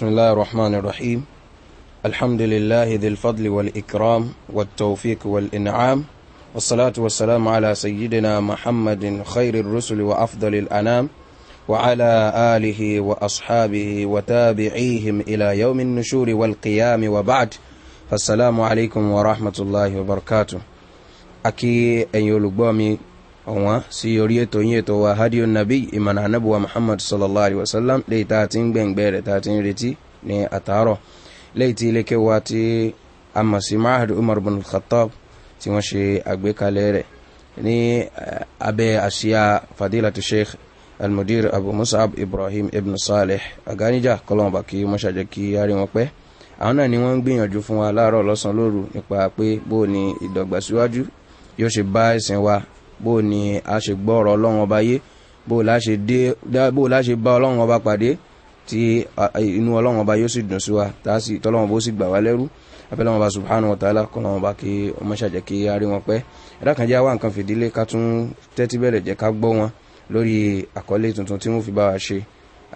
بسم الله الرحمن الرحيم الحمد لله ذي الفضل والإكرام والتوفيق والإنعام والصلاة والسلام على سيدنا محمد خير الرسل وأفضل الأنام وعلى آله وأصحابه وتابعيهم إلى يوم النشور والقيام وبعد فالسلام عليكم ورحمة الله وبركاته أكي أن يلقومي ọ̀wọ́n sí orí ètò yín ètò wa hadio nabi ìmọ̀nà anábùwà muhammad sallallahu alayhi wa sallam léyìí tá a ti ń gbẹ̀ngbẹ̀ rẹ̀ tá a ti ń retí ní àtàárọ̀ léyìí tí ilé kẹwàá tí a mọ̀ sí mahad umar bin khattab tí wọ́n ṣe àgbékalẹ̀ rẹ̀ ní eh, abẹ́ àṣìyà fadilatu sheikh almudir abu musab ibrahim ibn saleh aganija kọlọ́mọba kí wọ́n ṣàjẹ́ kí arí wọn pẹ́ àwọn náà ni wọ́n ń gbìyànjú fún wa láàárọ̀ lọ́sàn-án lóru nípa pé bó ni ìdọ̀gbàsíwájú yóò ṣe bá ẹ̀sìn wa bó ni a ṣe gbọ́ ọ̀rọ̀ ọlọ́run ọba yé bó la ṣe bá ọlọ́run ọba pàdé tí inú ọlọ́run ọba yóò sì dùn sí wa tọ́lọ́run ọba ó sì gbà wá lẹ́rú abẹ́lẹ́ wọn bá subhanahu wa ta'ala kọ́ lọ́wọ́ bá kí ọmọ ṣàjẹ́ kí a rí wọn pẹ́ ẹ̀dá kan jẹ́ àwa nǹkan fìdílé ká tún tẹ́tí bẹ̀rẹ̀ jẹ́ ká gbọ́ wọn lórí àkọlé tuntun tí wọ́n fi bá wa ṣe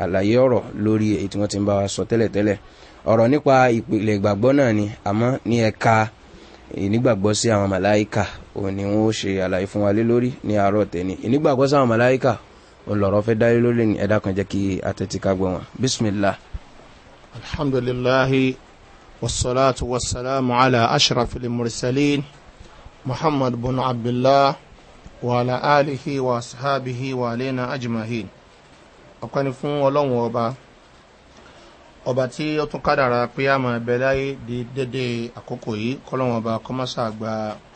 àlàyé ọ̀rọ̀ lórí èyí tí wọ́n ti ń bá wa sọ tẹ́lẹ̀tẹ́lẹ̀ ọ̀rọ̀ nípa ìpìlẹ̀ ìgbàgbọ́ náà ni àmọ́ ní ẹ̀ka ìnígbàgbọ́ sí àwọn màláìka òun ni wọ́n ṣe àlàyé fún wa lé lórí ní àárọ̀ tẹ́ni ìnígbàgbọ́ sáwọn màláìkà olọ̀rọ̀ fẹ́ dá lé lórí ní ẹ̀dá kan jẹ́ kí atẹ́tíkà gbọ́ wọn bísmìlá. alhamdulilahi wasalaatu wasalaamu ala ashrafil mursalin muhammad bin abdullah wa ala alihi wa sahabihi wa alena ajmahin ọ̀pẹ́ni fún ọlọ́run ọba ọba tí ó tún kádàrà pé a máa bẹ láyé di dédé àkókò yìí kọ́lọ́wọ́n ọba kọ́másà gba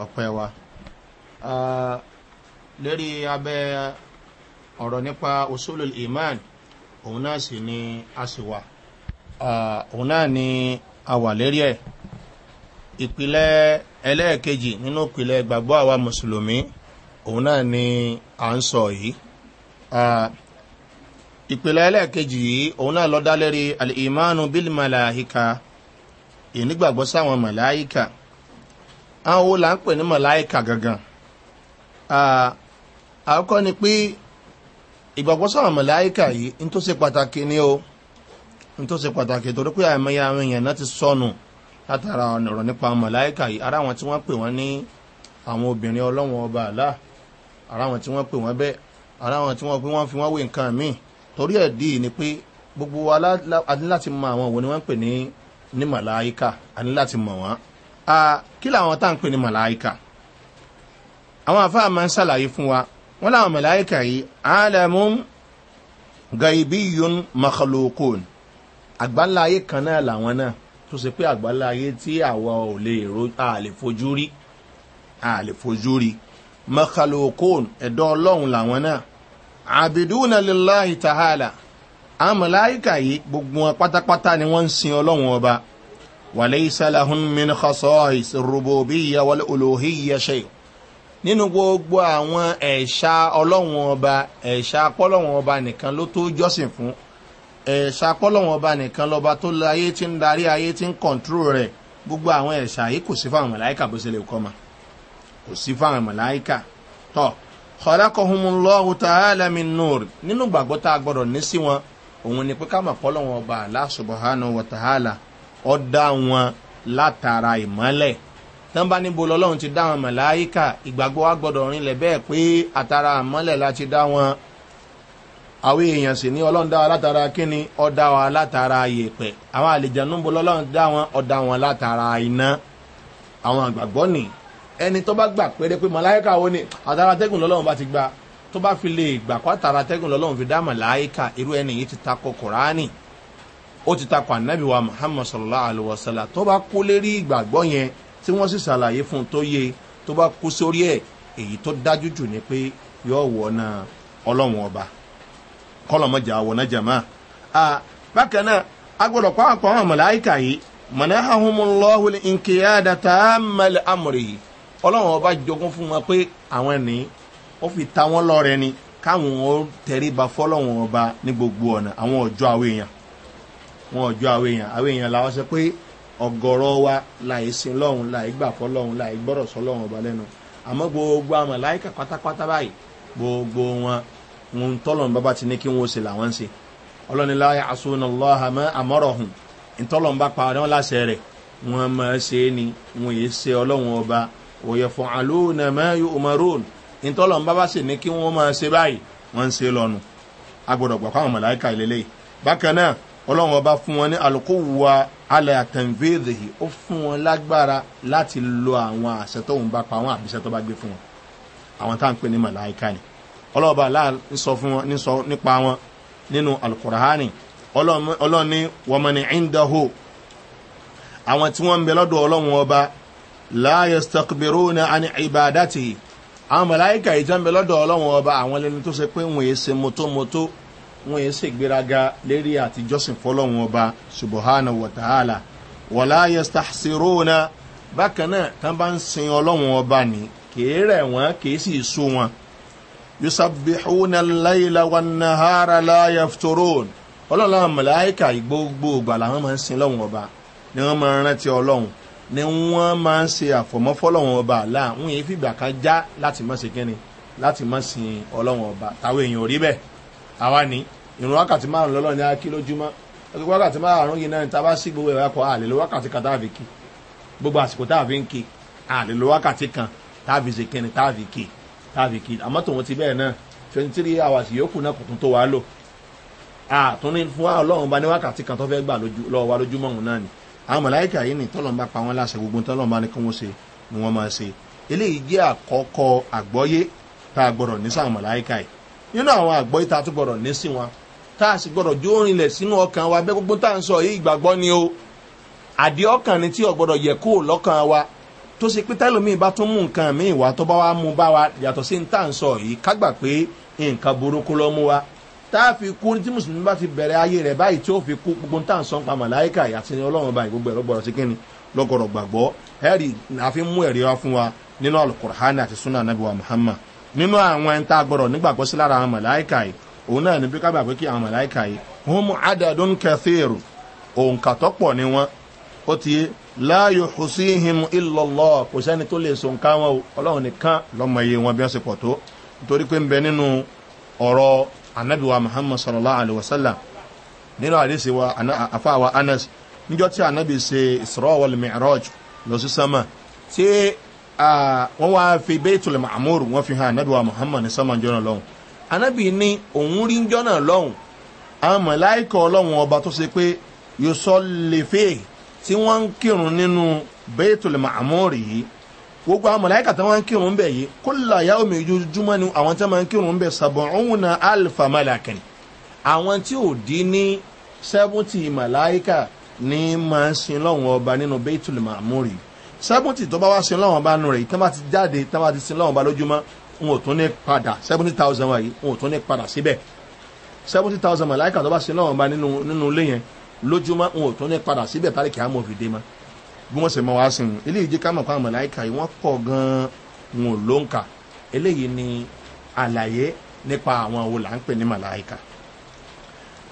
ọ̀pẹ́ wa. lórí abẹ́ ọ̀rọ̀ nípa usul iman òun náà sì ni a sì wà òun náà ni a wà lérí ẹ̀ ìpìlẹ̀ ẹlẹ́ẹ̀kejì nínú ìpìlẹ̀ gbàgbọ́ àwa mùsùlùmí òun náà ni à ń sọ yìí ìpìlẹ̀ ẹlẹ́ẹ̀kejì yìí òun náà lọ dá alìmánu bílí gangan àkọ́kọ́ ni pé ìgbàgbọ́ sọ̀rọ̀ mọ̀láíkà yìí ní tó ṣe pàtàkì ni o ní tó ṣe pàtàkì torí pé àìmọye àwọn èèyàn náà ti sọnù látara ọ̀rọ̀ nípa mọ̀láíkà yìí ara àwọn tí wọ́n pè wọ́n ní àwọn obìnrin ọlọ́wọ́n ọba àlá ara àwọn tí wọ́n pè wọ́n bẹ́ẹ̀ ara àwọn tí wọ́n pé wọ́n fi wọ́n wé nǹkan míì torí ẹ̀ dì í ni pé gbogbo wa adé láti mọ àwọn òwò ni wọ́n pè ní àwọn àfáà máa ń sàlàyé fún wa wọ́n láwọn mẹ̀láìkà yìí alamu gaibiyun makhalokun àgbáńlá ayé kan náà làwọn náà tó ṣe pé àgbáńlá ayé tí àwa ò lè ro àlè fojú rí àlè fojú rí makhalokun ẹ̀dọ́ ọlọ́run làwọn náà abiduna lillahi ta'ala àwọn mẹ̀láìkà yìí gbogbo wọn pátápátá ni wọ́n ń sin ọlọ́run ọba wàlẹ́ ìsàlàhùn min khasọ́ wàlẹ́ olóhìyà ṣẹ́yìn nínú gbogbo àwọn ẹ̀ṣà ọlọ́wọ́n ọba ẹ̀ṣà pọ́lọ́wọ́n ọba nìkan ló tó jọ́sìn fún ẹ̀ṣà pọ́lọ́wọ́n ọba nìkan lọ́ba tó láyé tí ń darí ayé tí ń kọ̀ǹtúrò rẹ̀ gbogbo àwọn ẹ̀ṣà yìí kò sí fáwọn mọ̀láìkà bó ṣe lè kọ́ ma kò sí fáwọn mọ̀láìkà tọ́ kọ́lákọ̀húnmùlọ́hù tààlàmì nùr nínú gbàgbọ́ tá a gbọ́dọ̀ ní sí wọn òun ni pé ká pọ́lọ́wọ́n ọba aláṣubọ̀hánà wọ̀tàhálà ọ̀dá wọn látara ìmọ́lẹ̀ nọ́mbà níbo lọ́lọ́run ti dá wọn màláíkà ìgbàgbọ́ wa gbọ́dọ̀ rinlẹ̀ bẹ́ẹ̀ pé àtàrà àmọ́lẹ̀ la ti dá wọn àwọn èèyàn sì ní ọlọ́run dá wa látara kíni ọ̀dá wa látara yèpẹ̀ àwọn àlejò níbo lọ́lọ́run dá wọn ọ̀dá wọn látara iná àwọn àgbàgbọ́ ni ẹni tó bá gbà péré pé màláíkà wo ni àtàrà tẹ́gùn lọ́lọ́run bá ti gba tó bá fi lè gbà kó àtàrà tẹ́gùn lọ́lọ́run fi dá màláíkà irú ẹni yìí ti takọ kùránì ó ti takọ ànábìwá muhammad sallallahu alayhi wa sallam tó bá kó lérí yẹn tí wọ́n sì ṣàlàyé fún un tó yé tó bá kú sórí ẹ̀ èyí tó dájú jù ni pé yóò wọ ọ́nà ọlọ́run ọba kọ́lọ́mọjà wọ̀nà jàmá. bákan náà a gbọ́dọ̀ pa àpò àwọn mọ̀láìkà yìí mọ̀nà ahùnmọ́lọ́hùn nkìyàdà tá a mẹ́lẹ̀ amòrè yìí ọlọ́run ọba jogún fún wọn pé àwọn ẹni ó fi ta wọn lọ́rẹ ni káwọn ó tẹríba fọlọ́run ọba ní gbogbo ọ̀nà àwọn ọ̀jọ́ àwọn èèyàn wọn ọ̀jọ́ àwọn èèyàn àwọn èèyàn làwọn sọ pé ọgọrọ wa láìsìn lọ́hùn laịgbafọ fọlọ́hùn láìgbọ́rọ̀ sọlọ́hùn ọba lẹ́nu àmọ́ gbogbo àmọ̀ láìka pátápátá báyìí gbogbo wọn ń tọ́lọ̀n bàbá ti ní kí wọ́n ṣe làwọn ṣe ọlọ́niláyà àsùnà lọ́hàmọ́ àmọ́rọ̀hùn ìtọ́lọ̀n bá pa wọn láṣẹ rẹ̀ wọn máa ṣe ni wọn yìí ṣe ọlọ́hùn ọba òye fún alẹ́ àtẹ̀ǹvéèdè yìí ó fún wọn lágbára láti lo àwọn àṣẹ tó ń bá pa àwọn àbíṣẹ́ tó bá gbé fún wọn àwọn tá à ń pè ní màláìka ni ọlọ́ọ̀bà aláà ń sọ fún wọn nísọ nípa wọn nínú alukurahani ọlọ́ọ̀ni wọ́mọ̀nì ìndaho àwọn tí wọ́n ń bẹ lọ́dọ̀ ọlọ́run ọba láàyè stakbero ní àní ìbàdàtì àwọn màláìka yìí jẹ́ ń bẹ lọ́dọ̀ ọlọ́run ọba àwọn ẹlẹ́ni tó ṣe pé wọ́n yé ṣe mọ́tòmọ́tò wọn yẹn ṣègbéraga lérí àtijọ́sìn fọlọ́wọn ọba subahana wàtàhálà wọlá yẹsta bákan náà tán bá ń sin ọlọ́wọn ọba ní kèé rẹ̀ wọ́n kèé sì so wọn. yusabbihuna layla wa nahara la yaftoron ọlọ́run àwọn mọ̀láyíkà gbogbo ìgbà làwọn máa ń sin ọlọ́wọn ọba ni wọ́n máa ń rántí ọlọ́run ni wọ́n máa ń ṣe àfọ̀mọ́fọ́lọ́wọn ọba àlá àwọn yẹn fìgbà kan já láti mọ̀ sí kẹ́ni láti mọ̀ sin ọlọ́wọn ọba táwọn èèyàn ò rí bẹ́ẹ̀ àwa ni ìrùn wákàtí márùn lọ́lọ́ ní akí lójúmọ́ ọgbẹ́ wákàtí márùn yìí náà ta bá sí gbogbo ẹ̀wà kọ àlèlò wákàtí kan táàfi kí gbogbo àsìkò táàfi ń kí àlèlò wákàtí kan táàfi ṣe kíni táàfi kí táàfi kí àmọ́ tòun ti bẹ́ẹ̀ náà twenty three hours yòókù náà kò tún tó wá lò àtúní fún wa ọlọ́run bá ní wákàtí kan tó fẹ́ gbà lọ́wọ́ wa lójúmọ́ òun náà ni àwọn mọ̀láyìkà yìí ni tọ́lọ́mbà pa wọ́n láṣẹ gbogbo ní kí nínú àwọn àgbọ̀ ìta tó gbọ́dọ̀ ní sí wọn tá a sì gbọ́dọ̀ jó rinlẹ̀ sínú ọkàn wa bẹ́ẹ̀ gbogbo tá à ń sọ yìí ìgbàgbọ́ ni o àdé ọkàn ni tí ọ̀gbọ́dọ̀ yẹ kó lọ́kàn wa tó ṣe pé tẹ́lómi bá tún mú nǹkan míì wá tó bá wá mú bá wa yàtọ̀ sí tá à ń sọ yìí kágbà pé nǹkan burúkú ló mú wa tá a fi kú tí mùsùlùmí bá ti bẹ̀rẹ̀ ayé rẹ̀ báyìí tí ó fi kú gbogbo tá à ń sọ pa màláìkà àti ọlọ́run báyìí gbogbo ẹ̀rọ nínú àwọn ẹni tá a gbọ́dọ̀ nígbàgbọ́ sí lára àwọn mọ̀láìkà yìí òun náà ní bí ká gbàgbé kí àwọn mọ̀láìkà yìí wọ́n mú adadun kẹfìrù òǹkà tó pọ̀ ni wọ́n ó ti láàyò hùsíhìm ìlọ́lọ́ kò sẹ́ni tó lè so nǹkan wọn ọlọ́run nìkan lọ́mọ iye wọn bí wọ́n ṣe pọ̀ tó nítorí pé ń bẹ nínú ọ̀rọ̀ anabiwa muhammad sallallahu alayhi wa sallam nínú àdéṣe wa afáwa anas Ah, wọ́n wá fi bẹ́ẹ̀tù lè màmúrù wọ́n fi hàn anábìwá muhammad sọ́mọ̀n jọ́nà lọ́hùn anábì ní òun rí jọ́nà lọ́hùn àwọn mọ̀láìkọ̀ ọlọ́hùn ọba tó ṣe pé yóò sọ lè fẹ́ tí wọ́n ń kírun nínú bẹ́ẹ̀tù lè màmúrù yìí gbogbo àwọn mọ̀láìkà tí wọ́n ń kírun bẹ̀ yìí kó là yá omi ojoojúmọ́ ni àwọn tí wọ́n ń kírun bẹ̀ sàbọ̀n alfa malakani àwọn tí ò dín ní sẹ́fúntì mọ̀láìkà ní máa ń sin lọ́hùn ọba nínú bẹ́ẹ̀tù lè yìí seventy tó bá wá sin lọ́wọ́n bá nù rẹ̀ tí wọ́n bá ti jáde tí bá ti sin lọ́wọ́n bá lójúmọ́ wọn ò tún ní padà seventy thousand wáyé wọn ò tún ní padà síbẹ̀ seventy thousand màláìka tó bá sin lọ́wọ́n bá nínú nínú ilé yẹn lójúmọ́ wọn ò tún ní padà síbẹ̀ tálẹ̀ kí á mọ̀ fìdé ma bí wọ́n sì mọ̀ wá sin eléyìí jẹ́ ká mọ̀ pa màláìka yìí wọ́n pọ̀ gan-an wọn ò ló ń kà eléyìí ni àlàyé nípa àwọn wo là ń pè ní màláìka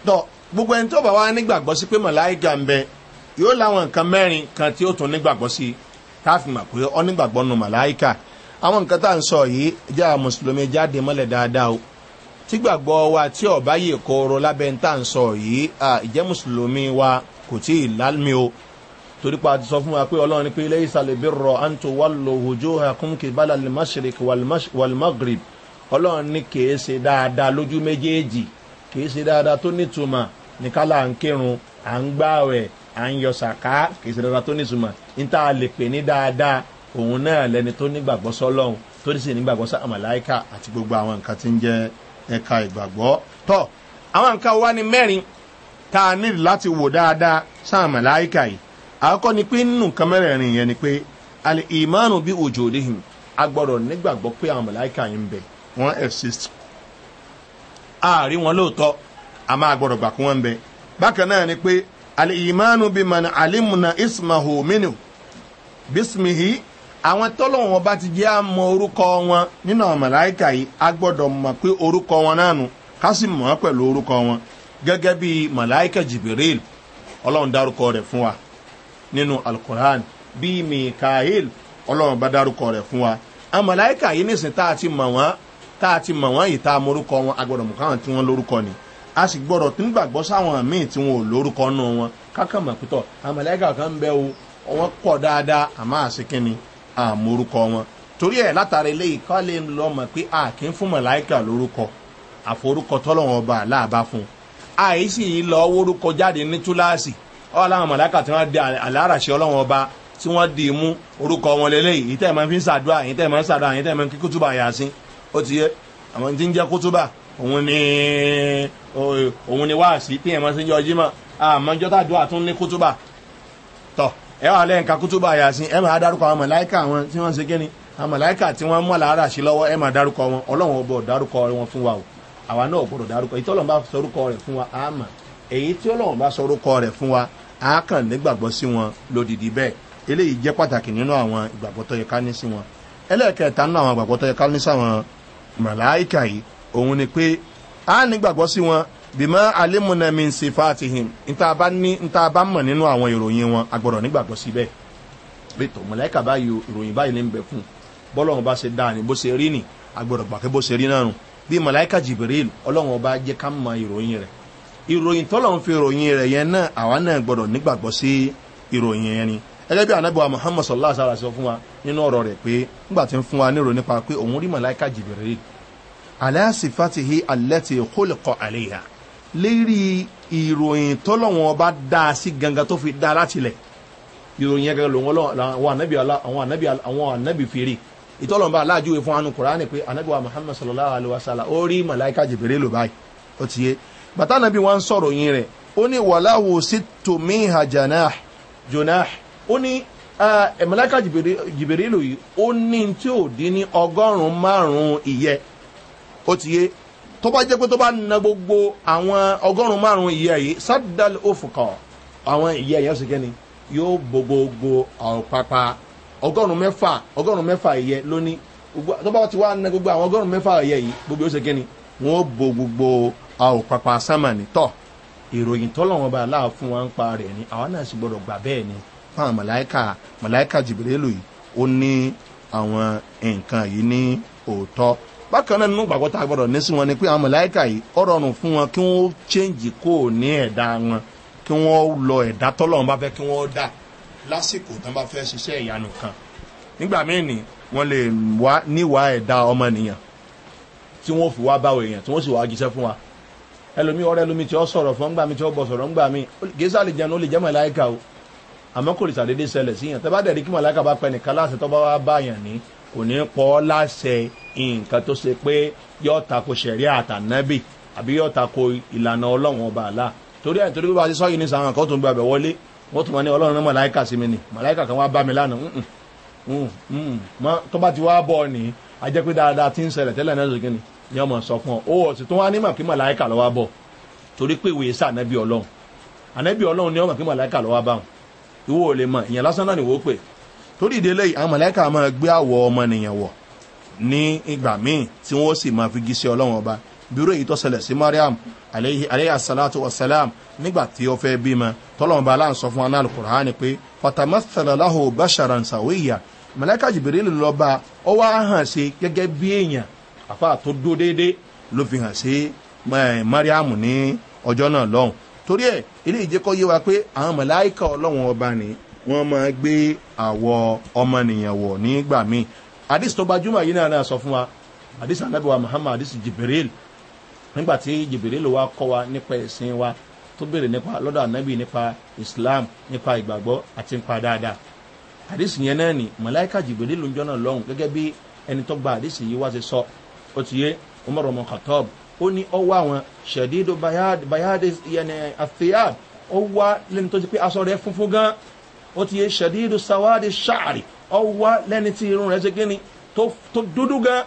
tọ́ gbogbo ẹni tó bá wá nígbàgbọ́ sí pé màláìka ń bẹ yóò láwọn nǹkan mẹ́rin kan tí ó tún nígbàgbọ́ sí i táàfin mà pé ọ nígbàgbọ́ nu màláìkà àwọn nǹkan tá à ń sọ yìí jẹ́ àwọn mùsùlùmí jáde mọ́lẹ̀ dáadáa o tígbàgbọ́ wa tí ọ̀bá yìí kóró lábẹ́ tá à ń sọ yìí ìjẹ́ mùsùlùmí wa kò tí ì lálmi o torí pa àti sọ fún wa pé ọlọ́run ní pé ilé ìsàlẹ̀ bí rọ àǹtò wà lò òjò àkúnkè bá lálẹ́ mashirik walmagrib ọlọ́run ní kèé ṣe dáadáa lójú méjèèjì kèé ṣe dáadáa tó nítumọ̀ ní kálá ń kírun à ń gbáwẹ̀ à ń yọ sàká kì í ṣe dandan tó ní ìtumọ̀ níta lè pè ní dáadáa òun náà lẹni tó nígbàgbọ́ gbogbo àwọn nǹkan tí ń jẹ́ ẹ̀ka ìgbàgbọ́ tọ́ àwọn nǹkan wa ni mẹ́rin tá a nílò láti wò dáadáa sàmàláìkà yìí àkọ́kọ́ ni pé nínú nǹkan mẹ́rẹ̀ẹ̀rin yẹn ni pé àlè ìmánu bí òjò a gbọ́dọ̀ nígbàgbọ́ pé àwọn màláìkà yìí ń bẹ̀ wọ́n a gbà kí wọ́n ń bẹ bákan náà ni alìmánu bí man na ismahu minu bismihi àwọn tọ́lọ́wọ́n bá ti jẹ́ àmọ́ orúkọ wọn nínú àwọn yìí a gbọ́dọ̀ mọ̀ pé orúkọ wọn náà nù ká sì mọ̀ pẹ̀lú orúkọ wọn gẹ́gẹ́ bí jibril ọlọ́run dárúkọ rẹ̀ fún wa nínú alukur'an bí mikael ọlọ́run bá dárúkọ rẹ̀ fún wa àwọn yìí nìsín tá a ti mọ̀ wọ́n tá a ti mọ̀ wọ́n yìí tá a mọ orúkọ wọn a gbọ́dọ̀ a sì gbọ́dọ̀ tún gbàgbọ́ sáwọn míì tí wọn ò lórúkọ nù wọn kákan mọ̀ pítọ̀ àmàlẹ́gà kan bẹ o wọn pọ̀ dáadáa àmọ́ àṣekínni àmórúkọ wọn torí ẹ̀ látàrí eléyìí ká lè lọ mọ̀ pé a kì í fún mọ̀láìkà lórúkọ àforúkọ tọ́lọ́wọ́n ọba àláàbá fún un àìsí yìí lọ wórúkọ jáde ní túláàsì ọ̀hún làwọn mọ̀láìkà tí wọ́n di àláràṣẹ ọlọ́wọ́n ọba tí wọ́n di mú orúkọ wọn lélẹ́yìí yìí tẹ́ ẹ̀ máa fi ń sàdúrà yìí tẹ́ òun ni wá sí pé ẹ̀mọ́ sí ń yọjú mọ́ àmọ́jọ́ tàdó àtún ní kútúbà tọ̀ ẹ wà lẹ́yìn ká kútúbà yà sí ẹ máa dárúkọ àwọn mọ̀láìkà wọn tí wọ́n ń se kíni àwọn mọ̀láìkà tí wọ́n mọ̀ lára sí lọ́wọ́ ẹ máa dárúkọ wọn ọlọ́run ọbọ̀ dárúkọ wọn fún wa o àwa náà gbọ́dọ̀ dárúkọ èyí tí ọlọ́run bá sọrúkọ rẹ̀ fún wa á mọ̀ èyí tí ọlọ́run bá sọrúkọ rẹ̀ fún wa á kàn nígbàgbọ́ sí wọn lódìdí bẹ́ẹ̀ eléyìí jẹ́ pàtàkì nínú àwọn ìgbàgbọ́ tó yẹ ká ní sí wọn ẹlẹ́ẹ̀kẹta nínú àwọn ìgbàgbọ́ tó yẹ ká ní sáwọn mọ̀láìkà yìí òun ni pé a nígbàgbọ́ sí wọn bímọ alimunami nsefa àti nta bá ní nta bá mọ̀ nínú àwọn ìròyìn wọn agbọ̀dọ̀ nígbàgbọ́ sí bẹ́ẹ̀ bí tó mọ̀lẹ́kà báyìí ìròyìn báyìí ní ń bẹ̀ fún bọ́lọ́run bá ṣe dáa ní bó ṣe rí ni agbọ̀dọ̀ gbàgbé bó ṣe rí náà nù bí mọ̀lẹ́kà jìbìrìl ọlọ́run ọba jẹ́ ká mọ ìròyìn rẹ̀ ìròyìn tọ́lọ́run fi ìròyìn rẹ̀ yẹn náà àwa náà gbọ́dọ̀ nígbàgbọ́ ni bí sallallahu alayhi wa sallam fún wa nínú ọ̀rọ̀ rẹ̀ pé nígbà fún wa pé òun rí aláṣìfàtìhí alẹ́tì kólẹ̀kọ̀ àléyà lérí ìròyìn tọ́lọ́wọ́n bá dá a sí gangan tó fi dá a láti lẹ̀ ìròyìn yẹn gangan lòun àwọn anabi àwọn anabi àwọn anabi fèrè ìtọ́lọ́wọ́n bá aláàjúwe fún anu kùránì pé anabi wa muhammed sallallahu alayhi wa sallam ó rí màláìka jìbìrì ló báyìí ó ti yé bàtà anabi wa ń sọ̀rọ̀ yín rẹ̀ ó ní wàláwo sí tòmíhà janah jonah ó ní màláìka jìbìrì lò yìí ó ní tí ò dín ní ọgọ́rùn-ún márùn-ún ìyẹ́ ó ti yé tó bá jẹ́ pé tó bá na gbogbo àwọn ọgọ́rùn-ún márùn-ún ìyá yìí sádàl òfùkọ̀ àwọn ìyá yẹn ṣe kẹ́ni yóò bo gbogbo ọ̀rọ̀ pápá ọgọ́rùn-ún mẹ́fà ọgọ́rùn-ún mẹ́fà ìyẹ lónìí tó bá ti wá na gbogbo àwọn ọgọ́rùn mẹ́fà ìyẹ yìí gbogbo ó ṣe kẹ́ni wọ́n bo gbogbo ọ̀rọ̀ pápá sámánì tọ̀ ìròyìn tọ́lọ́wọ́n bá aláà fún wa ń pa rẹ̀ ni àwọn náà sì gbọ́dọ̀ gbà bẹ́ẹ̀ ni fún àwọn mọ̀láìkà mọ̀láìkà bákan náà nínú gbàgbọ́ tá a gbọ́dọ̀ ní sí wọn ni pé àwọn mọ̀láìkà yìí ọ rọrùn fún wọn kí wọ́n chẹ́ǹjì kó o ní ẹ̀dá wọn kí wọ́n lọ ẹ̀dá tọ́lọ́run bá fẹ́ kí wọ́n dà lásìkò tán bá fẹ́ ṣiṣẹ́ ìyanu kan nígbà míì ni wọ́n lè wá níwà ẹ̀dá ọmọnìyàn tí wọ́n fi wá báwo èèyàn tí wọ́n sì wá jíṣẹ́ fún wa ẹlòmí ọ̀rẹ́ ẹlòmí tí ó sọ̀rọ̀ fún gbàmí tí ó bọ̀ sọ̀rọ̀ gbàmí gẹ́sà lè jẹun ó lè jẹ́ mọ̀láìkà o àmọ́ kò lè sàdédé sẹlẹ̀ síyàn tẹ́ bá dẹ̀ rí kí mọ̀láìkà bá pẹ́ nìkan láti tọ́ bá wá báyàn ní kò ní pọ́ láṣẹ nǹkan tó ṣe pé yóò tako sẹ̀rí àtànábì àbí yóò tako ìlànà ọlọ́run ọba àlá torí ẹ̀ torí pé bá a ti sọ́yìn ní sàwọn kan tó ń gbàgbẹ́ wọlé wọ́n tún mọ́ ní ọlọ́run náà màláìkà sí mi nì màláìkà kan wá bá mi lánàá tó bá ti wá bọ̀ ni a jẹ́ pé dáadáa ti ń ṣẹlẹ̀ tẹ́lẹ̀ náà lókè ni ni ọmọ sọ fún ọ ó ọ̀sì tó wá nímọ̀ kí màláìkà lọ wá bọ̀ torí pé ìwé sá ànábì ọlọ́run ànábì ọlọ́run ni ọmọ kí màláìkà lọ wá bá wọn ìwọ ò lè mọ ìyẹn lásán náà ni wò ó pè torí ìdílé àwọn mọ̀lẹ́kà máa gbé àwọ̀ ọmọnìyàn wọ̀ ní ìgbà míì tí wọ́n sì máa fi gíṣẹ́ ọlọ́run ọba bírò èyí tó ṣẹlẹ̀ sí mariam aleyhasalatu wasalam nígbà tí ó fẹ́ bímọ tọ́lọ́run ọba aláǹ sọ fún aná alukur'ani pé fatamasalahu basharan sawiya mọ̀lẹ́kà jìbìrìlì lọ́ba ó wá hàn sí gẹ́gẹ́ bí èèyàn àfa tó dó déédéé ló fi hàn sí mariam ní ọjọ́ náà lọ́hùn torí ẹ̀ ilé ìjẹ́kọ́ yé wa pé àwọn mọ̀lẹ́kà ọlọ́run ọba nìyí wọ́n máa gbé àwọ̀ ọmọnìyàn wọ̀ nígbà míì àdìs tó gbajúmọ̀ yìí náà sọ fún wa àdìs anábìwá muhammad àdìs jibril nígbà tí jibril wa kọ́ wa nípa ẹ̀sìn wa tó béèrè nípa lọ́dọ̀ anábì nípa islam nípa ìgbàgbọ́ àti nípa dáadáa àdìs yẹn náà ni mọ̀láìkà jibril ń jọ́nà lọ́hùn gẹ́gẹ́ bí ẹni tó gba àdìs yìí wá ti sọ ó ti yé umar ọmọ khatab ó ní ọwọ́ àwọn ṣẹ̀dídó bayadis yẹn àfíà ó wá lẹ́ni tó ti pé aṣọ rẹ̀ funfun gan-an ó ti yé ṣẹ̀dídù sawadi ṣáàrì ọwá lẹ́ni tí irun rẹ̀ ṣe kí ni tó dúdú gan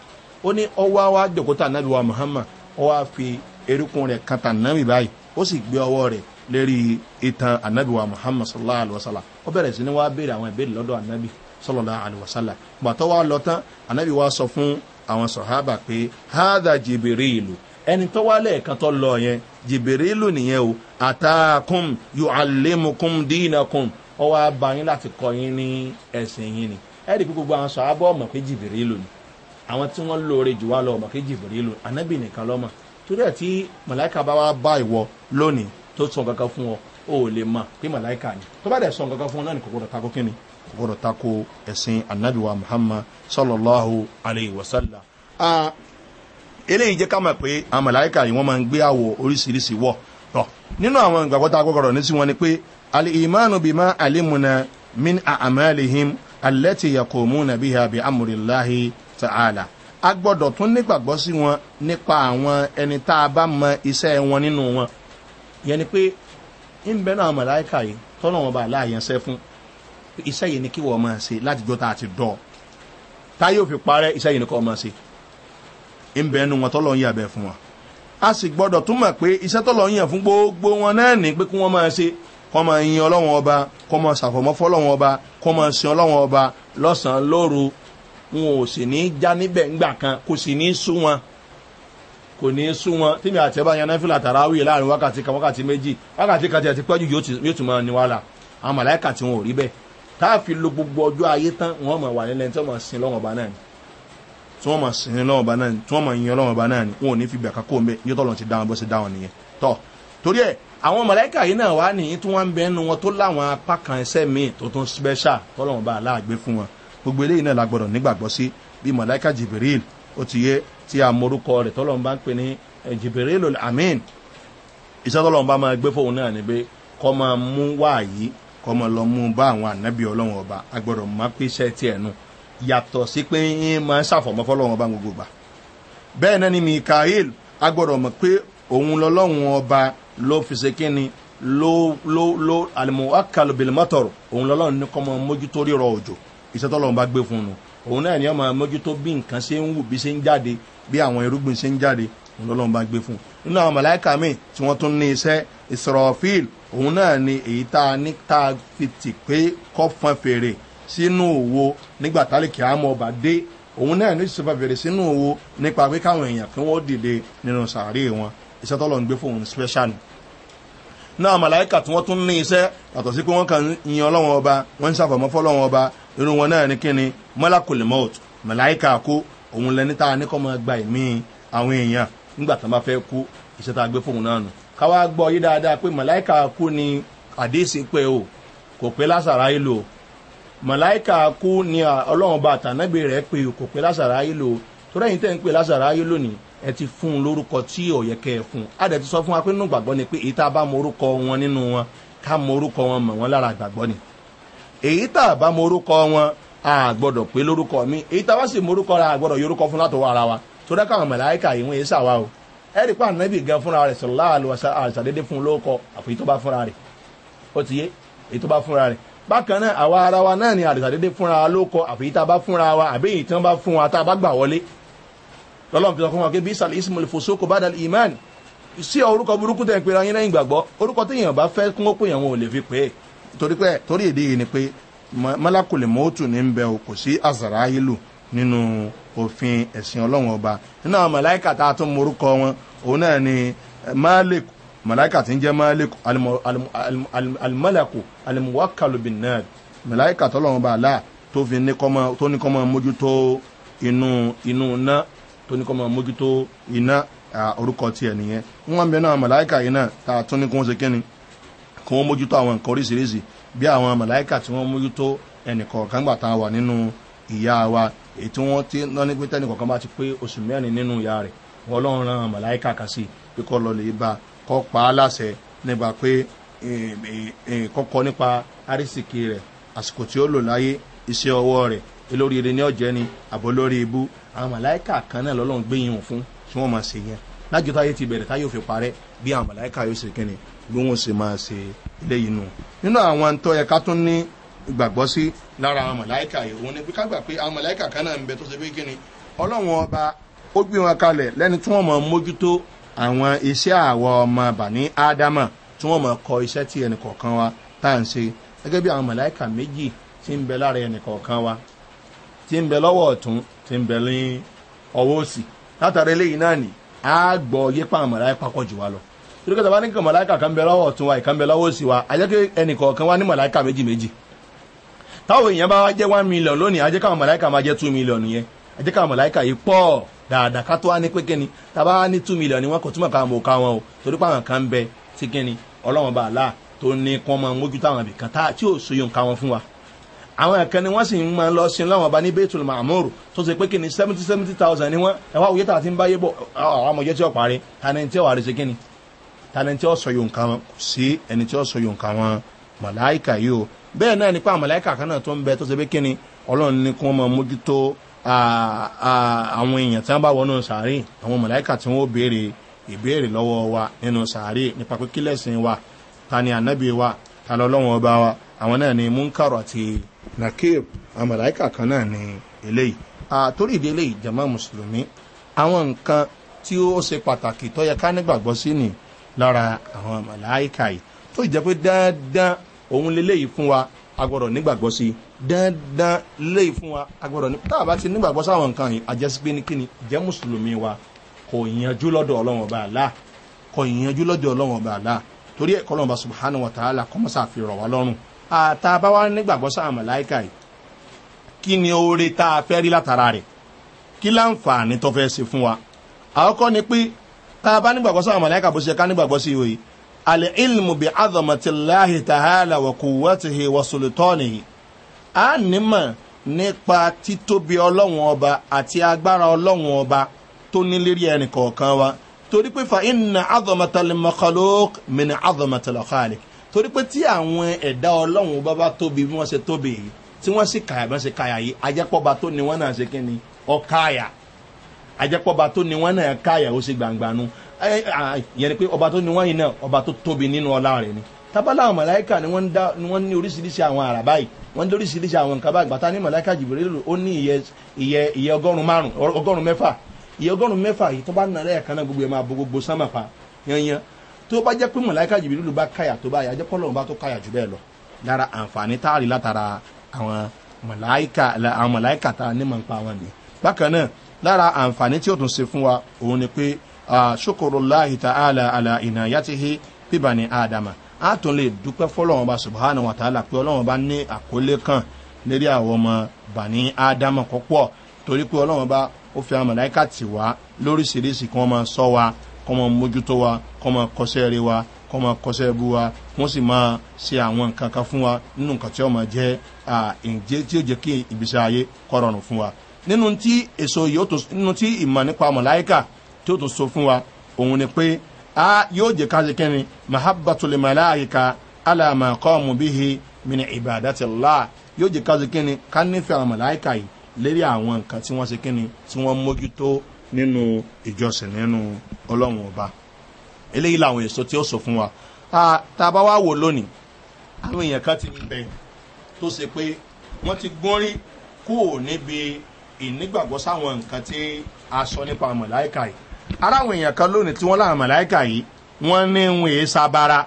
ó ní ọwá wa jòkóta nàbí wa muhammad ó wá fi erukun rẹ̀ kàtà nàbí báyìí ó sì gbé ọwọ́ rẹ̀ lérí ìtàn ànábì wa muhammad sallallahu alayhi wa sallam ó bẹ̀rẹ̀ sí ni wàá béèrè àwọn ìbéèrè lọ́dọ̀ ànábì sallallahu alayhi wa sallam gbàtọ́ wa lọ tán ànábì wa sọ fún àwọn sọ̀hábà pé hádà jìbìrì ẹni tó wá lẹ́ẹ̀kan tó lọ yẹn jìbìrì nìyẹn o àtàkùn yóò alẹ́mukùn dínàkùn ọwọ́ abayín láti kọ yín ní ẹ̀sìn yín ni ẹ̀rí pé gbogbo àwọn sọ abọ́ ọmọ pé jìbìrì lò ní àwọn tí wọ́n lóore jù wá lọ ọmọ pé jìbìrì lò ànábì nìkan lọ́mọ torí ẹ̀ tí mọ̀láìka bá wá bá ìwọ lónìí tó sọ kankan fún ọ o ò lè mọ̀ pé mọ̀láìka ni tó bá dẹ̀ sọ kankan fún ọ náà ni kò gbọdọ̀ tako kíni kò tako ẹ̀sìn ànábì wa muhammad sallallahu alayhi wa sallam. eléyìí jẹ́ ká mọ̀ pé àwọn mọ̀láìka yìí wọ́n máa ń gbé àwọ̀ oríṣiríṣi wọ̀ nínú àwọn ìgbàgbọ́ta agbọ́gọ́rọ̀ ní sí wọn الإيمان بما علمنا من أعمالهم التي يقومون بها بأمر الله تعالى a tún nígbàgbọ́ sí wọn nípa àwọn ẹni tá a bá mọ wọn nínú wọn yẹn ni pé ń bẹ náà mọ̀láìkà yìí tọ́nà wọn bá láàyànṣẹ́ fún iṣẹ́ yìí ni kí wọ́n máa ṣe láti jọ́ta àti parẹ́ iṣẹ́ yìí ni bẹ fún wọn a sì tún mọ̀ pé iṣẹ́ fún gbogbo wọn náà ní pé kí wọ́n máa ṣe kọ́ máa yin ọlọ́wọ́n ọba kọ́ máa ṣàfọ̀mọ́ fọ́lọ́wọ́n ọba kọ́ máa sin ọlọ́wọ́n ọba lọ́sàn-án lóru wọn ò sì ní já níbẹ̀ ńgbà kan kò sì ní sú wọn kò ní sú wọn tí mi àti ẹ bá yan náfìlà tàràwì láàrin wákàtí kan wákàtí méjì wákàtí kan tiẹ̀ ti pẹ́jù yóò tún máa ní wàhálà àwọn màláìkà tí wọn ò rí bẹ́ẹ̀ tá a fi lo gbogbo ọjọ́ ayé tán wọn mọ̀ wà nílẹ̀ tí wọ́n sin lọ́wọ́n ọba náà ni tí wọ́n mọ̀ sin lọ́wọ́n ọba náà ni tí wọ́n mọ̀ yin ọlọ́wọ́n ọba náà ni wọn ò ní fi bẹ̀ka kó ń bẹ́ẹ̀ yóò tọ́lọ́ ti dáhùn bó ṣe dáhùn nìyẹn tọ́ torí ẹ̀ àwọn mọ̀lẹ́kà yìí náà wá ní tí wọ́n ń bẹ nínú wọn tó láwọn apá kan ẹsẹ̀ míì tó tún spẹ́ṣà tọ́lọ́wọ́n bá aláàgbé fún wọn gbogbo eléyìí náà la gbọ́dọ̀ nígbàgbọ́ sí bí mọ̀lẹ́kà jibril ó ti yé tí a morúkọ rẹ̀ tọ́lọ́wọ́n bá ń pè ní eh, jibril amin iṣẹ́ tọ́lọ́wọ́n bá máa gbé fóun náà ni pé kọ́ máa mú wáàyí kọ́ máa lọ mú bá àwọn ànábì ọlọ́wọ́n ọba a gbọ́dọ̀ má pé iṣẹ́ tiẹ̀ nù yàtọ̀ sí pé ń máa ṣàfọ̀mọ́ fọlọ́wọ́n ọba gbogbo gbà bẹ́ẹ̀ náà ni mikael a gbọ́dọ̀ mọ̀ pé òun lọ́lọ́wọ́n ọba ló fi ṣe kí ni ló ló ló àlùmọ́ akálù bèlmọ́tọ̀rọ̀ òun lọ́lọ́run ní kọ́ mọ́ mójútó rírọ òjò iṣẹ́ tọ́lọ́run bá gbé fún un òun náà ni ọmọ mójútó bí nǹkan ṣe ń wù bí ṣe ń jáde bí àwọn irúgbìn ṣe ń jáde òun lọ́lọ́run bá gbé fún un nínú àwọn mọ̀láìkà míì tí wọ́n tún ní iṣẹ́ ìsọ̀rọ̀fíìl òun náà ni èyí tá a ní tá a fi tì pé kọ́ fọn fèrè sínú òwo nígbà tálíkì àmọ́ ọba dé òun náà ní gbé fún special náà màláìkà tí wọ́n tún ní iṣẹ́ yàtọ̀ sí pé wọ́n kàn yin ọlọ́wọ́n ọba wọ́n ń ṣàfọ̀mọ́ fọ́lọ́wọ́n ọba irú wọn náà ní kíni mọ́lákùlì mọ́ọ̀t màláìkà kó òun lẹni tá a ní kọ́ mọ́ gba ìmí àwọn èèyàn nígbà tó bá fẹ́ kú iṣẹ́ tá a gbé fóun náà nù. káwá gbọ́ yí dáadáa pé màláìkà kú ni àdéhìsí pé o kò pé lásàrá ìlò màláìkà kú ni ọlọ́wọ́n ẹ ti fún un lórúkọ tí ọ̀yẹ́ kẹ́ ẹ fún un á dẹ̀ ti sọ fún wa pé nínú gbàgbọ́ ni pé èyí tá a bá mọ orúkọ wọn nínú wọn ká mọ orúkọ wọn mọ̀ wọn lára gbàgbọ́ ni èyí tá a bá mọ orúkọ wọn a gbọ́dọ̀ pé lórúkọ mi èyí tá a bá sì mọ orúkọ ra a gbọ́dọ̀ yorúkọ fún látọwọ́ ara wa tó dẹ́ káwọn mẹ̀láyíkà yìí wọ́n yé sàwa o ẹ rí i pé ànábì gan fúnra rẹ̀ sọ̀rọ̀ láàlú àṣàdédé fún un lórúkọ àfi tó bá fúnra rẹ̀ ó ti yé èyí tó bá fúnra rẹ̀ bákan náà àwa ara wa náà ni àṣàdédé lọ́lọ́run fi sọ fún wa pé bísà ismul fosoko bá dàl imán sí orúkọ burúkú tẹ̀ ń pera yín lẹ́yìn gbàgbọ́ orúkọ téèyàn bá fẹ́ kún ó pè yàn wọn ò lè fi pè é torí pé torí èdè yìí ni pé mọ́lákùlì mọ́tò ní ń bẹ o kò sí àzàrà ayélu nínú òfin ẹ̀sìn ọlọ́run ọba nínú àwọn mọ̀láìkà tá a tún morúkọ wọn òun náà ni malik mọ̀láìkà tí ń jẹ́ malik alimọ́lẹ̀kù alimuwakalubinad mọ̀láìkà tọ́lọ́run ọba tó ní kọ́ máa mójútó iná orúkọ tiẹ̀ nìyẹn wọ́n bẹ náà màláìkà yìí náà tá a tún ní kí wọ́n ṣe kí ni kí wọ́n mójútó àwọn nǹkan oríṣiríṣi bí àwọn màláìkà tí wọ́n mójútó ẹnìkọ̀ọ̀kan gbà tá a wà nínú ìyá wa èyí tí wọ́n ti lọ ní pé tẹ́nìkọ̀ọ̀kan bá ti pé oṣù mẹ́rin nínú ìyá rẹ̀ wọ́n lọ́run ran màláìkà kà sí pé kọ́ lọ lè bá kọ́ pa á láṣẹ nígbà pé kọ́kọ́ nípa àrísìkì rẹ̀ àsìkò tí ó lò láyé iṣẹ́ ọwọ́ rẹ̀ elóríire ní ọ̀jẹ́ ni àbólórí ibú àwọn màláìka kan náà lọ́lọ́run gbé yín fún tí wọ́n máa ṣe yẹn lájọ táyé ti bẹ̀rẹ̀ táyé òfin parẹ́ bí àwọn màláìka yóò ṣe kẹ́ni bí wọ́n ṣe máa ṣe eléyìí nù. nínú àwọn àǹtọ́ ẹ̀ka tó ní gbàgbọ́ sí lára àwọn màláìka yìí òun ni pé ká gbà pé àwọn màláìka kan náà ń bẹ tó ṣe pé kíni ọlọ́run ọba ó gbé wọn kalẹ̀ lẹ́ni tí wọ́n máa mójútó àwọn iṣẹ́ àwọ̀ ọmọ bàní ádámà tí wọ́n máa kọ iṣẹ́ tí ẹnì wa tá à ń ṣe gẹ́gẹ́ bí àwọn màláìka méjì ti ń bẹ lára ẹnì wa ti ń bẹ lọ́wọ́ ọ̀tún ti ń bẹ̀lẹ́ ọwọ́ òsì látàrí eléyìí náà ni a gbọ́ yípa àmàlà ìpapọ̀ jù wá lọ torí kẹta bá ní kàn màláìkà kan bẹ lọ́wọ́ ọ̀tún wa ìkan bẹ lọ́wọ́ òsì wa àjẹ́kẹ́ ẹnì kọ̀ọ̀kan wá ní màláìkà méjì méjì táwọn èèyàn bá wá jẹ́ one million lónìí àjẹ́ káwọn màláìkà máa jẹ́ two million yẹn àjẹ́ káwọn màláìkà yìí pọ̀ dáadáa ká tó wá ní pé kíni ní two million ni wọ́n kò túmọ̀ ká mọ̀ ká wọn o torí pé àwọn kan bẹ sí kíni ọlọ́wọ́n bá àlá tó ní kọ́ mójútó àwọn ibìkan tí ò sóyún ká wọn fún wa àwọn ẹ̀kan ni wọ́n sì ń máa lọ sí láwọn ọba ní bẹ́tùl mahmur tó ṣe pé kí ni seventy seventy thousand ni wọ́n ẹ̀wá òye tà ti ń báyé bọ̀ àwọn ọmọye tí ó parí tani tí ó wà rí ṣe kí ni tani tí ó sọ yòó nǹkan wọn kò sí ẹni tí ó sọ yòó wọn màláìkà yìí o bẹ́ẹ̀ náà nípa màláìkà kan náà tó ń bẹ tó ṣe pé kí ni ọlọ́run ní kí wọ́n máa mójútó àwọn èèyàn tí wọ́n bá wọnú sàárè àwọn màláìkà tí wa nínú sàárè nípa pé kílẹ̀sìn tani ànábì wa tani ọlọ́run àwọn náà ni munkar àti nakir amalaika kan náà ni eléyìí àtórí ìdí eléyìí jama mùsùlùmí àwọn nǹkan tí ó ṣe pàtàkì tó yẹ ká nígbàgbọ́ sí ni lára àwọn amalaika yìí tó jẹ́ pé dáadáa òun leléyìí fún wa agbọ́dọ̀ nígbàgbọ́ sí dandan léyìí fún wa agbọ́dọ̀ ní tá a bá ti nígbàgbọ́ sáwọn nǹkan yìí àjẹsígbé ní kíni jẹ́ mùsùlùmí wa kò yanjú lọ́dọ̀ ọlọ́wọ̀n ọba àlá kò yanjú lọ́dọ̀ ọlọ́wọ̀n ọba àlá torí ẹ̀kọ́ lọ́wọ́n ọba subhanahu wa ta'ala kọ́mọ́sá fi rọ̀ wá lọ́rùn tá a bá wá nígbàgbọ́ sáà màláìka yìí kí ni oore tá a fẹ́ rí látara rẹ̀ kí láǹfààní tó fẹ́ ṣe fún wa àkọ́kọ́ ni pé tá a bá nígbàgbọ́ sáà màláìka bó ṣe ká nígbàgbọ́ sí ìwòye alẹ́ ilmu bi azọmọtìláhi tàhálà wà kú wọ́tìhì wà sòlítọ́ọ̀nì a nímọ̀ nípa títóbi ọlọ́wọ́n ọba àti agbára ọlọ́wọ́n ọba tó ní ẹnì kọ̀ọ̀kan wa torí pé fa iná azọmọtàlẹ́mọ̀kọ́lọ́ọ̀kì mìíràn azọmọtàlẹ́kọ́lẹ́kì torí pé tí àwọn ẹ̀dá ọlọ́run bá bá tóbi bí wọ́n ṣe tóbi yìí tí wọ́n sì kàyà bí wọ́n ṣe kàyà yìí ajẹ́pọ̀ba tó ni wọ́n náà ṣe kí ni ọ̀káyà ajẹ́pọ̀ba tó ni wọ́n náà káyà ó sì gbàngbànú yẹn ni pé ọba tó ni wọ́n yìí náà ọba tó tóbi nínú ọlá rẹ̀ ni tábàlà àwọn mọ̀láìkà ni wọ́n ní oríṣiríṣi àwọn àràbá yìí wọ́n ní oríṣiríṣi àwọn nǹkan bá gbàtà ní mọ̀láìkà jìbìrìlù ó ní ìyẹ ọgọ́rùn-ún márùn-ún ọgọ́rùn-ún mẹ́fà ìyẹ ọgọ́rùn-ún mẹ́fà yìí tó tó bá jẹ́ pé mọ̀láìka jìbìrì ló bá káyà tó bá yà jẹ́ pọ́lọ́run bá tó káyà jù bẹ́ẹ̀ lọ lára àǹfààní táàrí látara àwọn mọ̀láìka àwọn mọ̀láìka tá a ní màá pa wọn ni. bákan náà lára àǹfààní tí ó tún ṣe fún wa òun ni pé ṣokòrò láàyè tá a àlà ìnà yàtìhí bíbà ní àdàmà a tún lè dúpẹ́ fọlọ́run bá subhanahu wa ta'ala pé ọlọ́run bá ní bani ádámà kọ́pọ̀ torí pé ọlọ́run bá ó fi àwọn mọ̀láìka tì wá kọ́ máa mójútó wa kọ́ máa kọ́sẹ́ rí wa kọ́ máa kọ́sẹ́ bú wa wọ́n sì máa ṣe àwọn nǹkan kan fún wa nínú nǹkan tí ó máa jẹ́ ǹjẹ́ tí ó jẹ́ kí ìgbésí ayé kọ́ fún wa nínú tí èso yóò tó nínú tí ìmọ̀ nípa mọ̀láyíkà tí ó tó so fún wa òun ni pé a yóò jẹ́ ká ṣe kẹ́ni mahabbatul mọ̀láyíkà alàmà kọ́ ọ̀mù bíhi mìíràn ìbàdàtìlá yóò jẹ́ ká ṣe kẹ́ni ká nífẹ̀ẹ́ àwọn mọ̀láyíkà yìí lérí àwọn nǹkan tí wọ́n ṣe kẹ́ni tí wọ́n mójútó nínú ìjọsìn nínú ọlọ́run ọba eléyìí làwọn èso tí ó sọ fún wa tá a bá wá wò lónìí àwọn èèyàn kan ti bẹ tó ṣe pé wọ́n ti gún rí kúrò níbi ìnígbàgbọ́ sáwọn nǹkan tí a sọ nípa mọ̀láìkà yìí ara àwọn èèyàn kan lónìí tí wọ́n láwọn mọ̀láìkà yìí wọ́n ní wọn èé sábara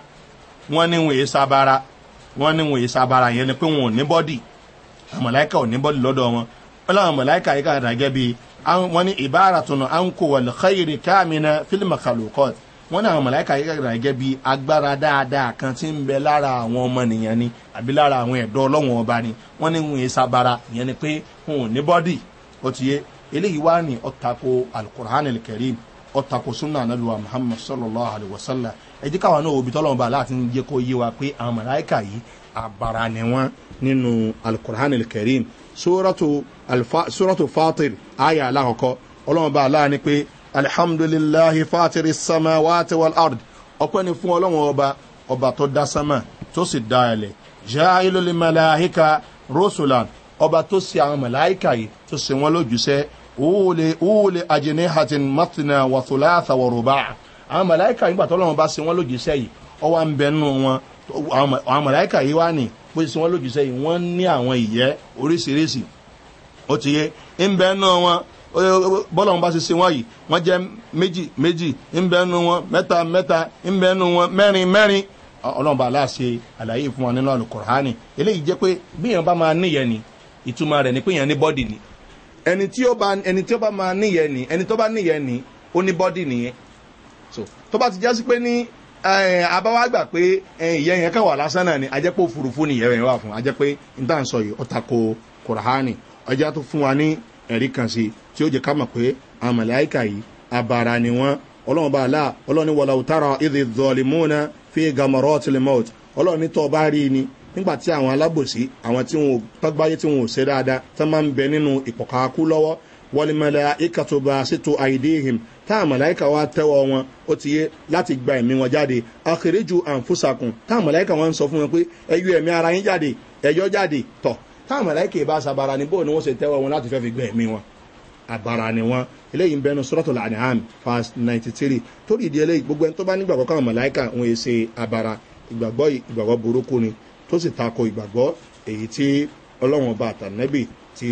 wọ́n ní wọn èé sábara wọ́n ní wọn èé sábara yẹn ni pé wọn ò ní bọ́dì àwọn mọ̀láìkà ò ní bọ́dì lọ́dọ̀ wọn wọ́n láwọn mọ̀láìkà yìí kàdà gẹ́gẹ́ bíi wọ́n ní ìbáratùnà ànkò wàlúkàyèrè káàmìnà fílmù kàlùkọ́t wọ́n ní àwọn mọ̀láìkà yẹ́gàgàrà gẹ́gẹ́ bí agbára dáadáa kan tí ń bẹ lára àwọn ọmọnìyàn ni àbí lára àwọn ẹ̀dọ́ ọlọ́wọ́n ọba ni wọ́n ní wọn ìsabara ìyẹn ni pé wọn ò ní bọ́dì ó ti yé eléyìí wá ní ọ̀tako alukur'an kẹrin ọ̀tako sunna anabiwa muhammad sallallahu alayhi wa sallam ẹ̀jẹ̀ káwọn náà òbí tọ́lọ́mọba láti ń jẹ́ kó yé wa pé àwọn mọ̀láìkà yìí àbàrà ni wọ́n nínú alukur'an alkarim sóràtò fatir ayà alákọ̀ọ́kọ́ ọlọ́run bá aláà ni pé alihamdulilahi fatir sama wàtí wal ard ọpẹ́ ni fún ọlọ́run ọba ọba tó dá sama tó sì dá ẹlẹ̀ já ilóli malahika rosulan ọba tó sì àwọn malahika yìí tó sì wọn lójúṣẹ́ wúlé ajínní hatin matina wàtúláyà tàwọ̀rọ̀bá àwọn malahika yìí gbàtọ́ ọlọ́run sì wọn lójúṣẹ́ yìí ọwọ́ ń bẹ nínú wọn àwọn mọ̀láìkà yìí wá ní bó ti sin wọ́n lójú sẹ́yìn wọ́n ní àwọn ìyẹ́ oríṣiríṣi ó ti yé ńbẹ́ náà wọn bọ́lọ̀ wọn bá ṣe ṣe wọ́n yìí wọ́n jẹ́ méjì méjì ńbẹ́ nu wọn mẹ́ta mẹ́ta ńbẹ́ nu wọn mẹ́rin mẹ́rin ọlọ́run bá aláṣẹ àlàyé fún wọn nínú alukọ̀rọ̀hánì eléyìí jẹ́ pé bí èèyàn bá máa níyẹn ni ìtumọ̀ rẹ̀ ni pé èèyàn ní bọ́dì ni ẹni tí ó bá ẹni tí ó bá máa níyẹn ni ẹni tó bá níyẹn ni ó ní bọ́dì nìyẹn so tó bá ti jásí pé ní abawa eh, gbà pé eh, ìyẹn yẹn kàn wà lásán náà ni ajẹ́pọ̀ òfurufú ni ìyẹn wà fún ajẹ́pẹ́ níta sọ yìí ọ̀tà ko kùràhánì ọjà tó fún wa ní ẹ̀rí kan sí tí ó ká pé yìí abàrà ni ọlọ́run bá a la ọlọ́run fi ọlọ́run ní tọ́ rí i ni nígbà táwọn mọ̀láìkà wa tẹ́wọ́ wọn ó ti yé láti gba ẹ̀mí wọn jáde àkèrèjù àǹfùsàkùn táwọn mọ̀láìkà wọn ń sọ fún wọn pé ẹyọ ẹ̀mí ara yín jáde ẹyọ jáde tọ̀ táwọn mọ̀láìkà ìbá sabara ni bóun ni wọ́n ṣe tẹ́wọ́ wọn láti fẹ́ fi gba ẹ̀mí wọn àbára ni wọn eléyìí ń bẹnu sọ́tọ̀ láàrin ham fast ninety three torí ìdí eléyìí gbogbo ẹni tó bá nígbàgbọ́ káwọn mọ̀láìkà wọn è ṣe àbára ìgbàgbọ́ ìgbàgbọ́ burúkú ni tó sì tako ìgbàgbọ́ èyí tí ọlọ́wọ̀n bá àtànẹ́bì tí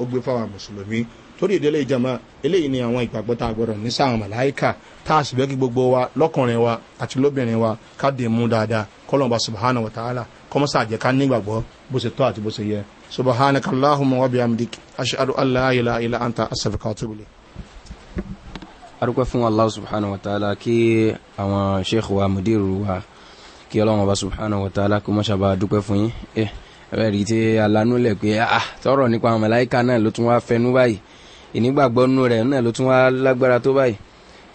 ó gbé fáwọn mùsùlùmí torí ìdílé ìjọba eléyìí ni àwọn ìgbàgbọ́ tá a gbọ́dọ̀ ní sáwọn màláìka tá a sì bẹ́ kí gbogbo wa lọ́kùnrin wa àti lóbìnrin wa ká dè mú dáadáa kọ́lọ́mùbá subahana wa ta'ala kọ́mọ́sá àjẹ́ ká nígbàgbọ́ bó ṣe tọ́ àti bó ṣe yẹ subahana kalahuma wa bihamdik ashadu allah ila ila anta asafika tubuli. arúgbó fún allah subhanahu wa ta'ala kí àwọn sheikh wa mudiru wa kí ọlọ́run ọba subhanahu wa ta'ala kó mọ́ṣá bá dúpẹ́ fún yín ẹ̀ eh, ẹ̀ rí i ti alánúlẹ̀ pé ah tọrọ ìnígbàgbọ́ nínú rẹ̀ náà ló tún wá lágbára tó báyìí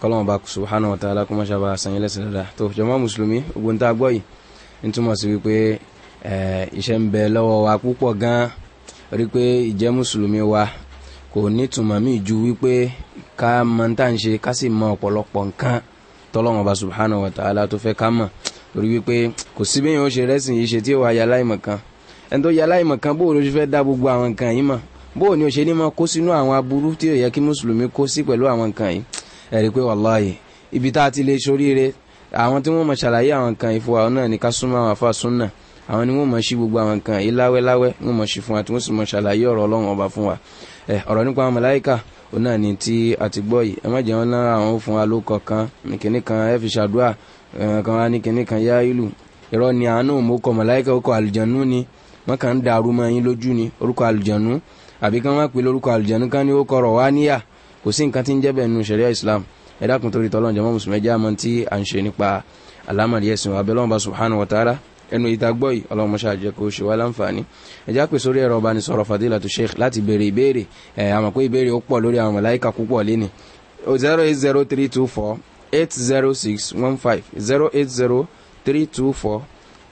kọ́lọ́mù bá subhana wa ta'ala kó má ṣe bá sanyẹ́ lẹ́sẹ̀ dáadáa tó jọmọ́ mùsùlùmí ogun tá a gbọ́ yìí ń túmọ̀ sí wípé iṣẹ́ ń bẹ lọ́wọ́ wa púpọ̀ gan rí pé ìjẹ́ mùsùlùmí wa kò ní túmọ̀ mí ju wípé ká mọ tá à ń ṣe ká sì mọ ọ̀pọ̀lọpọ̀ nǹkan tọ́lọ́mù bá subhana wa ta'ala tó fẹ́ ká mọ̀ torí wípé kò sí bí yẹn ó ṣe rẹ́sìn yìí ṣe tí ó wà yà kan ẹni tó yà kan bóòlù ṣe fẹ́ dá gbogbo àwọn nǹkan yìí mọ̀ bóò ni o ṣe ní mọ kó sínú àwọn aburú tí ó yẹ kí mùsùlùmí kó sí pẹ̀lú àwọn nǹkan yìí ẹ̀rí pé wàláyé ibi tá a ti lè ṣoríire àwọn tí wọ́n mọ̀ ṣàlàyé àwọn nǹkan ìfọ àwọn náà ní ká súnmọ́ àwọn afa súnà àwọn ni wọ́n mọ̀ sí gbogbo àwọn nǹkan yìí láwẹ́láwẹ́ wọ́n mọ̀ sí fún wa tí wọ́n sì mọ̀ ṣàlàyé ọ̀rọ̀ ọlọ́run ọba fún wa ọ̀rọ̀ nípa àwọn mọ̀láyíkà náà ni tí a ti gbọ́ yìí ẹ má jẹ́ wọn lára àwọn fún wa ló kọ̀ọ̀kan nìkíní kan ẹ fi ṣàdúrà kan wá nìkíní kan yá ìlú ìrọ́ ni àánú òun mọ̀láyíkà ó kọ̀ ni wọ́n kàn ń dàrú mọ́ yín lójú ni orúkọ àlùjànnú àbí kí wọ́n má pè lórúkọ àlùjẹ̀nu kan ní ó kọrọ̀ wá níyà kò sí nǹkan tí ń jẹ́ nù sẹ̀ríà islam ẹ dákun torí tọ́lọ́ ìjọba mùsùlùmí ẹjẹ́ àmọ́ tí à ń ṣe nípa àlámàlì ẹ̀sìn wa abẹ́lọ́mọba subhanahu wa ta'ala ẹnu ìta gbọ́ yìí ọlọ́mọ ṣàjẹ́ kó ṣe wá láǹfààní ẹjá pè sórí ẹ̀rọ ọba ní sọ̀rọ̀ fàdílà tó sheikh láti béèrè ìbéèrè ẹ̀ àmọ̀ pé ìbéèrè ó pọ̀ lórí àwọn mọ̀láìkà púpọ̀ léni zero eight zero three two four eight zero six one five zero eight zero three two four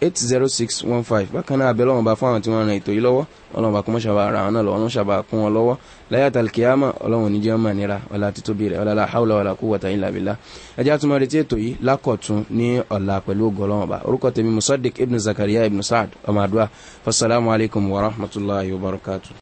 eight zero six one five bákan náà abẹ́lẹ́ ọ̀nba fún àwọn tí wọ́n ran ètò yìí lọ́wọ́ ọlọ́mọba kò mọ̀ ṣàbà ara àwọn náà lọ́wọ́ ọlọ́mọ ṣàbà kún wọn lọ́wọ́ láyé àtàlùkìyàmà ọlọ́run níjẹ́ ọmọ nira ọlá títóbi rẹ̀ ọlá àhàwùlà ọlá kú wọ̀tá yín làbílà ẹjẹ́ àtúmọ̀ retí ètò yìí lákọ̀tún ní ọ̀la pẹ̀lú ògo ọlọ́mọba ibn zakaria ibn saad ọmọ adua fasalaamu alaykum wa